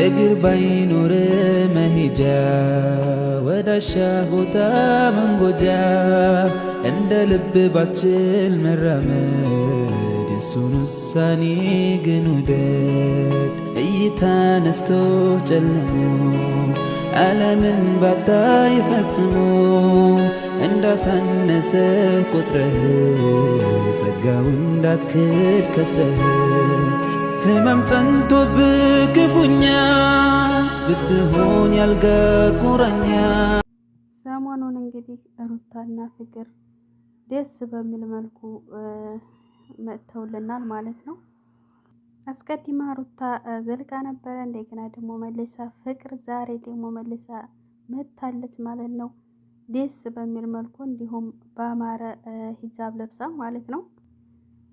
እግር ባይኖር መሄጃ ወዳሻ ቦታ መንጎጃ እንደ ልብ ባችል መራመድ እሱን ውሳኔ ግን ውደድ እይታ ነስቶ ጨለሞ ዓለምን ባታይ ፈጽሞ እንዳሳነሰ ቁጥረህ ጸጋው እንዳትክድ ከስረህ ህመም ጸንቶብህ ክፉኛ ብትሆን ያልጋ ሰሞኑን እንግዲህ ሩታና ፍቅር ደስ በሚል መልኩ መጥተውልናል ማለት ነው። አስቀድማ ሩታ ዘልቃ ነበረ። እንደገና ደግሞ መልሳ ፍቅር ዛሬ ደግሞ መልሳ መታለች ማለት ነው። ደስ በሚል መልኩ እንዲሁም በአማረ ሂጃብ ለብሳ ማለት ነው።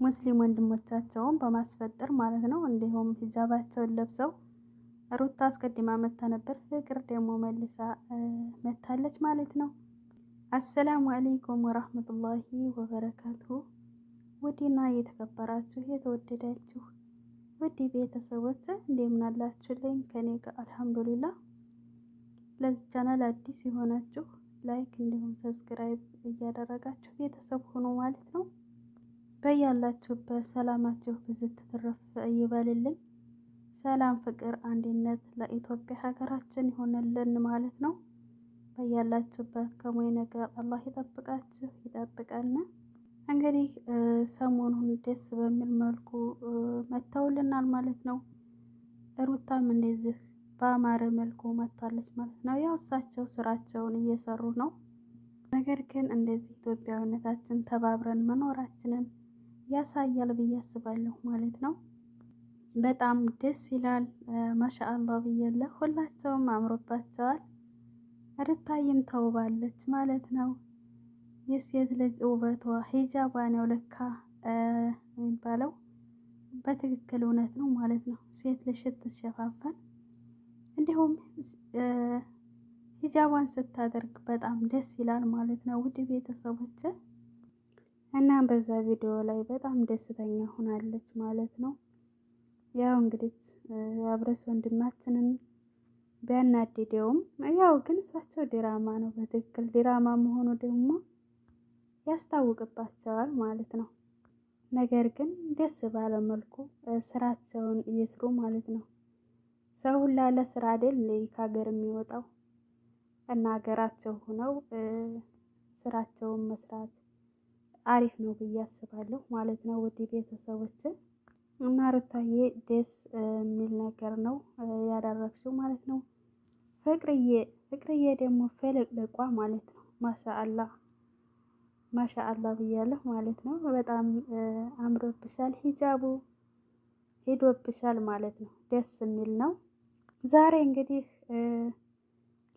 ሙስሊም ወንድሞቻቸውን በማስፈጠር ማለት ነው። እንዲሁም ሂጃባቸውን ለብሰው ሩታ አስቀድማ መታ ነበር፣ ፍቅር ደግሞ መልሳ መታለች ማለት ነው። አሰላሙ አለይኩም ወራህመቱላሂ ወበረካቱሁ። ውድና እየተከበራችሁ የተወደዳችሁ ውድ ቤተሰቦች እንደምን አላችሁልኝ? ከኔ ጋር አልሐምዱሊላ። ለዚህ ቻናል አዲስ የሆናችሁ ላይክ እንዲሁም ሰብስክራይብ እያደረጋችሁ ቤተሰብ ሆኖ ማለት ነው። በያላችሁበት ሰላማችሁ ብዙ ትትረፍ ይበልልኝ። ሰላም፣ ፍቅር፣ አንድነት ለኢትዮጵያ ሀገራችን ይሆንልን ማለት ነው። በያላችሁበት ከሞይ ነገር አላህ ይጠብቃችሁ ይጠብቀን። እንግዲህ ሰሞኑን ደስ በሚል መልኩ መተውልናል ማለት ነው። ሩታም እንደዚህ በአማረ መልኩ መታለች ማለት ነው። ያው እሳቸው ስራቸውን እየሰሩ ነው። ነገር ግን እንደዚህ ኢትዮጵያዊነታችን ተባብረን መኖራችንን ያሳያል ብዬ አስባለሁ ማለት ነው። በጣም ደስ ይላል። ማሻአላ ብያለ ሁላቸውም አምሮባቸዋል። ሩታዬም ተውባለች ማለት ነው። የሴት ልጅ ውበቷ ሂጃቧ ነው ለካ የሚባለው በትክክል እውነት ነው ማለት ነው። ሴት ልጅ ስትሸፋፈን እንዲሁም ሂጃቧን ስታደርግ በጣም ደስ ይላል ማለት ነው። ውድ ቤተሰቦችን እና በዛ ቪዲዮ ላይ በጣም ደስተኛ ሆናለች ማለት ነው። ያው እንግዲህ አብረስ ወንድማችንን ቢያናድደውም ያው ግን እሳቸው ድራማ ነው በትክክል ዲራማ መሆኑ ደግሞ ያስታውቅባቸዋል ማለት ነው። ነገር ግን ደስ ባለ መልኩ ስራቸውን እየስሩ ማለት ነው። ሰው ሁላ ለስራ አይደል ከሀገር የሚወጣው እና ሀገራቸው ሆነው ስራቸውን መስራት አሪፍ ነው ብዬ አስባለሁ ማለት ነው። ውድ ቤተሰቦችን እና ሩታዬ ደስ የሚል ነገር ነው ያደረግሽው ማለት ነው። ፍቅርዬ ፍቅርዬ ደግሞ ፈለቅለቋ ማለት ነው። ማሻአላ ማሻአላ ብያለሁ ማለት ነው። በጣም አምሮብሻል፣ ሂጃቡ ሄዶብሻል ማለት ነው። ደስ የሚል ነው። ዛሬ እንግዲህ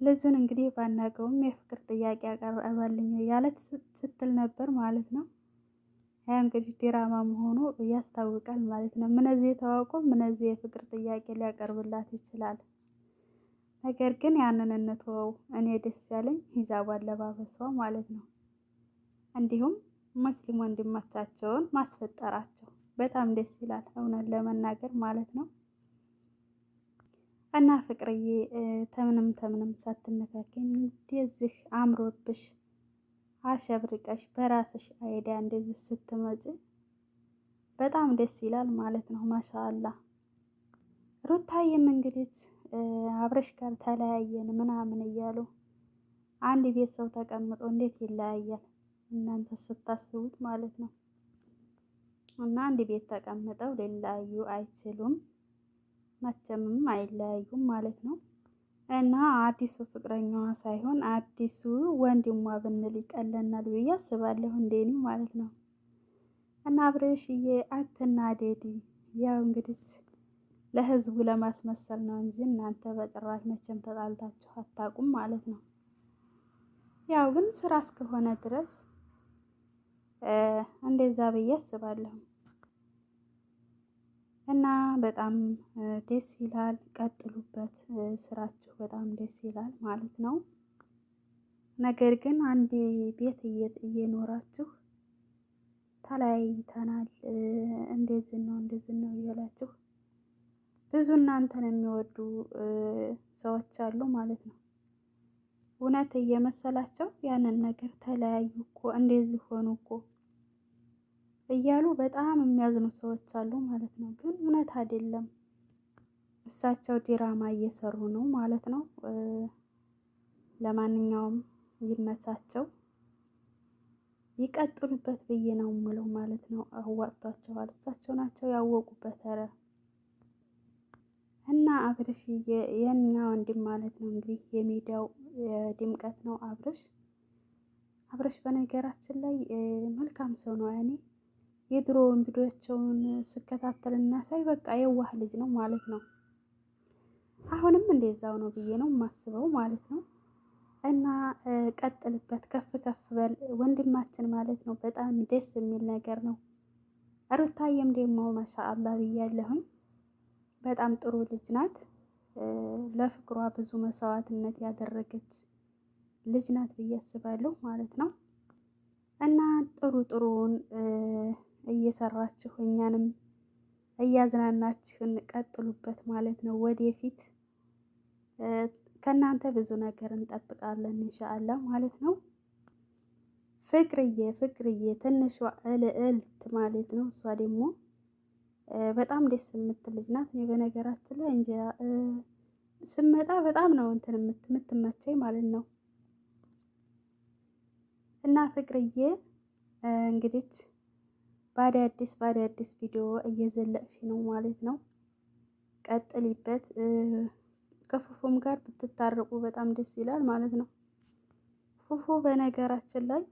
ልጁን እንግዲህ ባናገውም የፍቅር ጥያቄ ያቀረበልኝ እያለች ስትል ነበር ማለት ነው። ያ እንግዲህ ዲራማ መሆኑ ያስታውቃል ማለት ነው። ምንዚህ ተዋውቆ ምንዚህ የፍቅር ጥያቄ ሊያቀርብላት ይችላል። ነገር ግን ያንን እንተወው። እኔ ደስ ያለኝ ሂጃብ አለባበሷ ማለት ነው። እንዲሁም ሙስሊም ወንድሞቻቸውን ማስፈጠራቸው በጣም ደስ ይላል እውነት ለመናገር ማለት ነው። እና ፍቅርዬ ተምንም ተምንም ሳትነካከኝ እንደዚህ አምሮብሽ አሸብርቀሽ በራስሽ አይዳ እንደዚህ ስትመጪ በጣም ደስ ይላል ማለት ነው። ማሻአላ ሩታዬም እንግዲህ አብረሽ ጋር ተለያየን ምናምን እያሉ አንድ ቤት ሰው ተቀምጦ እንዴት ይለያያል? እናንተ ስታስቡት ማለት ነው። እና አንድ ቤት ተቀምጠው ሊለያዩ አይችሉም። መቼምም አይለያዩም ማለት ነው። እና አዲሱ ፍቅረኛዋ ሳይሆን አዲሱ ወንድሟ ብንል ይቀለናል ብዬ አስባለሁ፣ እንዴኒ ማለት ነው። እና አብሬሽዬ አትናደዲ። ያው እንግዲህ ለህዝቡ ለማስመሰል ነው እንጂ እናንተ በጭራሽ መቼም ተጣልታችሁ አታውቁም ማለት ነው። ያው ግን ስራ እስከሆነ ድረስ እንደዛ ብዬ አስባለሁ። እና በጣም ደስ ይላል። ቀጥሉበት፣ ስራችሁ በጣም ደስ ይላል ማለት ነው። ነገር ግን አንድ ቤት እየኖራችሁ ተለያይተናል፣ እንደዚህ ነው እንደዚህ ነው እያላችሁ ብዙ እናንተን የሚወዱ ሰዎች አሉ ማለት ነው። እውነት እየመሰላቸው ያንን ነገር ተለያዩ እኮ እንደዚህ ሆኑ እኮ እያሉ በጣም የሚያዝኑ ሰዎች አሉ ማለት ነው። ግን እውነት አይደለም። እሳቸው ዲራማ እየሰሩ ነው ማለት ነው። ለማንኛውም ይመቻቸው፣ ይቀጥሉበት ብዬ ነው የምለው ማለት ነው። አዋጥቷቸዋል። እሳቸው ናቸው ያወቁበት። ኧረ እና አብርሽ የኛ ወንድም ማለት ነው እንግዲህ የሚዲያው ድምቀት ነው አብርሽ። አብርሽ በነገራችን ላይ መልካም ሰው ነው ያኔ የድሮውን ቪዲዮቸውን ስከታተልና ሳይ በቃ የዋህ ልጅ ነው ማለት ነው። አሁንም እንደዛው ነው ብዬ ነው የማስበው ማለት ነው። እና ቀጥልበት፣ ከፍ ከፍ በል ወንድማችን ማለት ነው። በጣም ደስ የሚል ነገር ነው። ሩታዬም ደግሞ ማሻአላ ብያለሁኝ። በጣም ጥሩ ልጅ ናት። ለፍቅሯ ብዙ መስዋዕትነት ያደረገች ልጅ ናት ብዬ አስባለሁ ማለት ነው። እና ጥሩ ጥሩውን እየሰራችሁ እኛንም እያዝናናችሁን ቀጥሉበት ማለት ነው። ወደፊት ከእናንተ ብዙ ነገር እንጠብቃለን እንሻአላ ማለት ነው። ፍቅርዬ ፍቅርዬ ትንሿ እልእልት ማለት ነው። እሷ ደግሞ በጣም ደስ የምትል ልጅ ናት። እኔ በነገራችን ላይ እንጃ ስመጣ በጣም ነው እንትን የምትመቸኝ ማለት ነው እና ፍቅርዬ እንግዲህ በአዳዲስ በአዳዲስ ቪዲዮ እየዘለቅሽ ነው ማለት ነው። ቀጥሊበት። ከፉፉም ጋር ብትታረቁ በጣም ደስ ይላል ማለት ነው። ፉፉ በነገራችን ላይ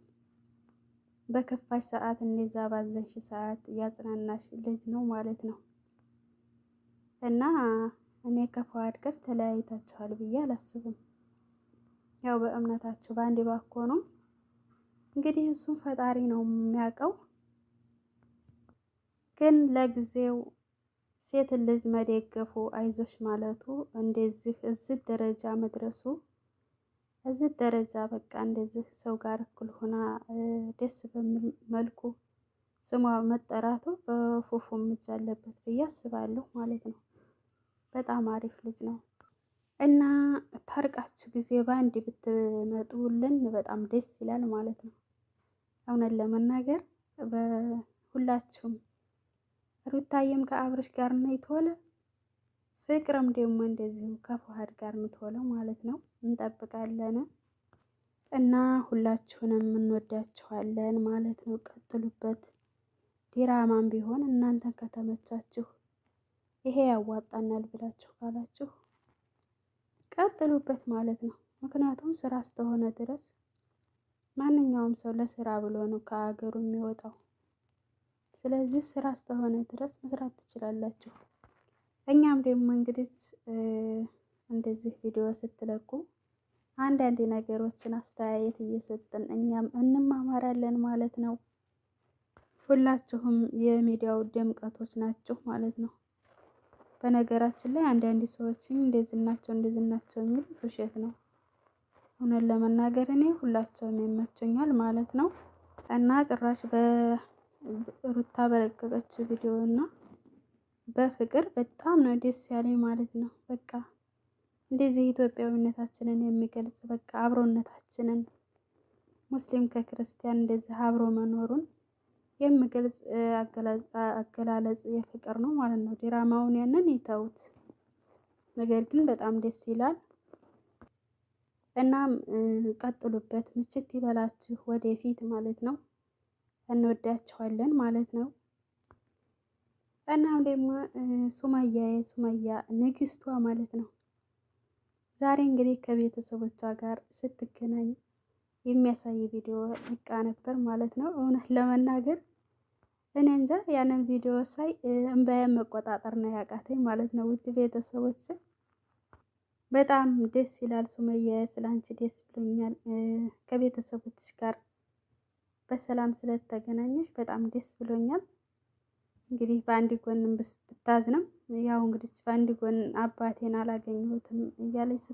በከፋሽ ሰዓት እንደዛ ባዘንሽ ሰዓት ያጽናናሽ ልጅ ነው ማለት ነው። እና እኔ ከፈዋድ ጋር ተለያይታችኋል ብዬ አላስብም። ያው በእምነታችሁ በአንድ ባኮ ነው እንግዲህ እሱም ፈጣሪ ነው የሚያውቀው። ግን ለጊዜው ሴት ልጅ መደገፉ አይዞሽ ማለቱ እንደዚህ እዚህ ደረጃ መድረሱ እዚህ ደረጃ በቃ እንደዚህ ሰው ጋር እኩል ሆና ደስ በሚል መልኩ ስሟ መጠራቱ በፉፉ እጅ አለበት ብዬ አስባለሁ ማለት ነው። በጣም አሪፍ ልጅ ነው እና ታርቃችሁ ጊዜ በአንድ ብትመጡልን በጣም ደስ ይላል ማለት ነው። እውነት ለመናገር በሁላችሁም ሩታዬም ከአብርሽ ጋር ነው የተወለ። ፍቅርም ደግሞ እንደዚሁ ከፉሃድ ጋር የምትወለው ማለት ነው። እንጠብቃለን እና ሁላችሁንም እንወዳችኋለን ማለት ነው። ቀጥሉበት። ዲራማም ቢሆን እናንተ ከተመቻችሁ ይሄ ያዋጣናል ብላችሁ ካላችሁ ቀጥሉበት ማለት ነው። ምክንያቱም ስራ እስከሆነ ድረስ ማንኛውም ሰው ለስራ ብሎ ነው ከሀገሩ የሚወጣው። ስለዚህ ስራ እስከሆነ ድረስ መስራት ትችላላችሁ። እኛም ደግሞ እንግዲህ እንደዚህ ቪዲዮ ስትለቁ አንዳንድ ነገሮችን አስተያየት እየሰጥን እኛም እንማማራለን ማለት ነው። ሁላችሁም የሚዲያው ድምቀቶች ናችሁ ማለት ነው። በነገራችን ላይ አንዳንድ ሰዎችን እንደዚህ ናቸው እንደዚህ ናቸው የሚሉት ውሸት ነው። እውነት ለመናገር እኔ ሁላቸውም ይመቸኛል ማለት ነው እና ጭራሽ በ ሩታ በለቀቀችው ቪዲዮ እና በፍቅር በጣም ነው ደስ ያለኝ ማለት ነው። በቃ እንደዚህ ኢትዮጵያዊነታችንን የሚገልጽ በቃ አብሮነታችንን ሙስሊም ከክርስቲያን እንደዚህ አብሮ መኖሩን የሚገልጽ አገላለጽ የፍቅር ነው ማለት ነው። ዲራማውን ያንን ይተውት፣ ነገር ግን በጣም ደስ ይላል። እናም ቀጥሉበት፣ ምችት ይበላችሁ ወደፊት ማለት ነው። እንወዳቸዋለን ማለት ነው። እናም ደግሞ ሱመያ የሱማያ ንግስቷ ማለት ነው። ዛሬ እንግዲህ ከቤተሰቦቿ ጋር ስትገናኝ የሚያሳይ ቪዲዮ እቃ ነበር ማለት ነው። እውነት ለመናገር እኔ እንጃ ያንን ቪዲዮ ሳይ እንባዬን መቆጣጠር ነው ያቃተኝ ማለት ነው። ውድ ቤተሰቦች በጣም ደስ ይላል። ሱመያ ስለአንቺ ደስ ብሎኛል። ከቤተሰቦች ጋር በሰላም ስለተገናኘሽ በጣም ደስ ብሎኛል። እንግዲህ በአንድ ጎንም ብታዝንም ያው እንግዲህ በአንድ ጎን አባቴን አላገኘሁትም እያለች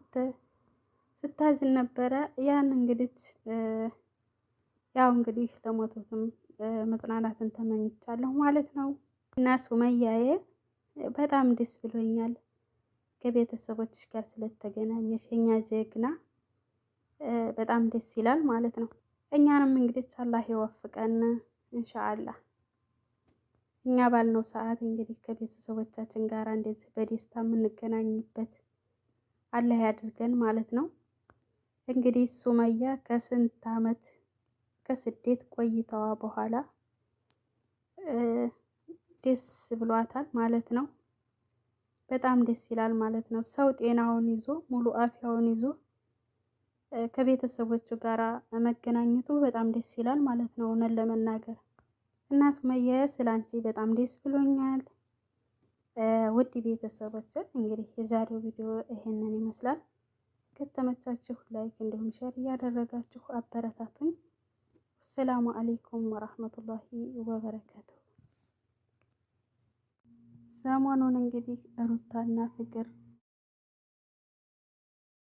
ስታዝን ነበረ። ያን እንግዲህ ያው እንግዲህ ለሞቱትም መጽናናትን ተመኝቻለሁ ማለት ነው እና ሱመያዬ በጣም ደስ ብሎኛል ከቤተሰቦች ጋር ስለተገናኘሽ የኛ ጀግና በጣም ደስ ይላል ማለት ነው። እኛንም እንግዲህ አላህ ይወፍቀን ኢንሻአላህ። እኛ ባልነው ሰዓት እንግዲህ ከቤተሰቦቻችን ጋር እንደዚህ በደስታ የምንገናኝበት አላህ ያድርገን ማለት ነው። እንግዲህ ሱመያ ከስንት አመት ከስደት ቆይታዋ በኋላ ደስ ብሏታል ማለት ነው። በጣም ደስ ይላል ማለት ነው። ሰው ጤናውን ይዞ ሙሉ አፍያውን ይዞ ከቤተሰቦቹ ጋራ መገናኘቱ በጣም ደስ ይላል ማለት ነው እውነት ለመናገር እና ሱመያ ስላንቺ በጣም ደስ ብሎኛል። ውድ ቤተሰቦች እንግዲህ የዛሬው ቪዲዮ ይሄንን ይመስላል። ከተመቻችሁ ላይክ እንዲሁም ሼር እያደረጋችሁ አበረታቱኝ። ሰላሙ አሌይኩም ወራህመቱላሂ ወበረከቱ። ሰሞኑን እንግዲህ ሩታና ፍቅር